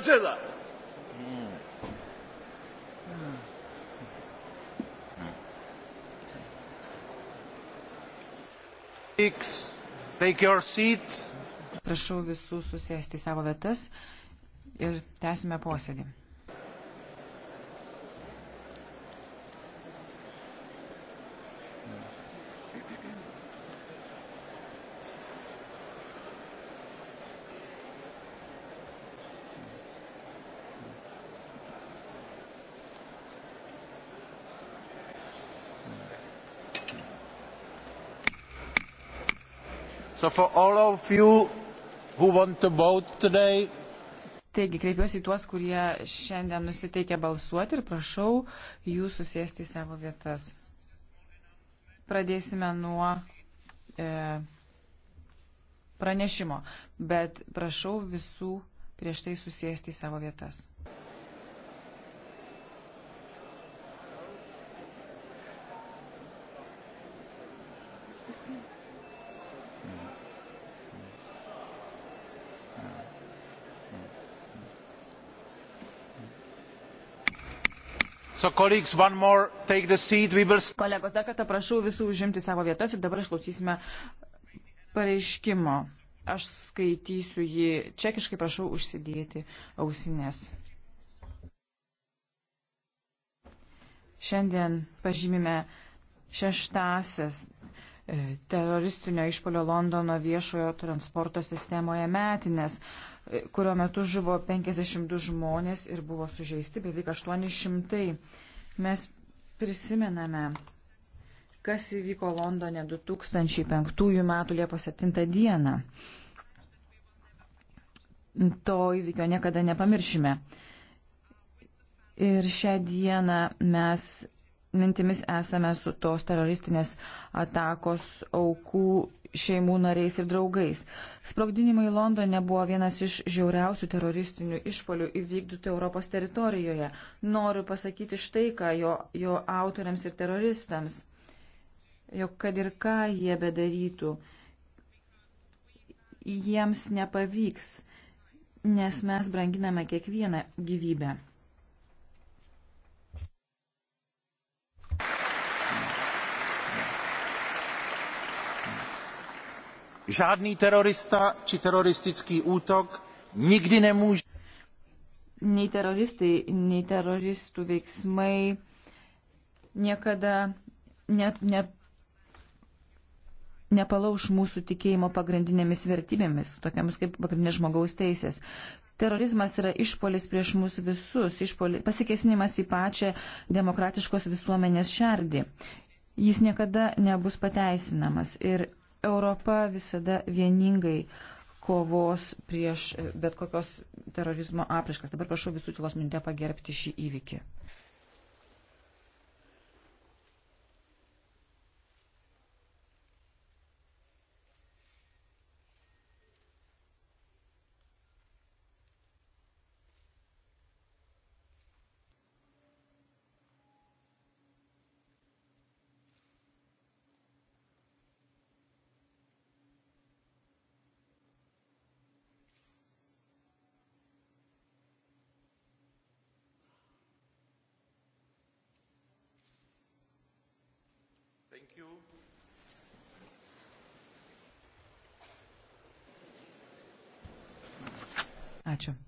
Godzilla. Prašau visų susėsti savo vietas ir tęsime posėdį. So for all of you who want to vote today, Taigi kreipiuosi į tuos, kurie šiandien nusiteikia balsuoti ir prašau jų susėsti į savo vietas. Pradėsime nuo e, pranešimo, bet prašau visų prieš tai susėsti į savo vietas. So, colleagues, one more, take the seat, we will... Kolegos, dar kartą prašau visų užimti savo vietas ir dabar išklausysime pareiškimo. Aš skaitysiu jį čekiškai, prašau užsidėti ausinės. Šiandien pažymime šeštasias E, teroristinio išpolio Londono viešojo transporto sistemoje metinės, e, kurio metu žuvo 52 žmonės ir buvo sužeisti beveik 800. Mes prisimename, kas įvyko Londone 2005 m. Liepos 7 d. To įvykio niekada nepamiršime. Ir šią dieną mes mintimis esame su tos teroristinės atakos aukų šeimų nariais ir draugais. Sprogdinimai Londone buvo vienas iš žiauriausių teroristinių išpolių įvykdytų Europos teritorijoje. Noriu pasakyti štai ką jo, jo autoriams ir teroristams, jog kad ir ką jie bedarytų, jiems nepavyks, nes mes branginame kiekvieną gyvybę. žádný terorista či teroristický útok nikdy nemůže. Nei teroristai, nei teroristų veiksmai niekada ne, ne, nepalauž mūsų tikėjimo pagrindinėmis vertybėmis, tokiamis kaip pagrindinės žmogaus teisės. Terorizmas yra išpolis prieš mus visus, išpolis, pasikesinimas į pačią demokratiškos visuomenės šerdį. Jis niekada nebus pateisinamas ir Europa visada vieningai kovos prieš bet kokios terorizmo apraškas. Dabar prašau visų tylos minutę pagerbti šį įvykį. you. Ačiū.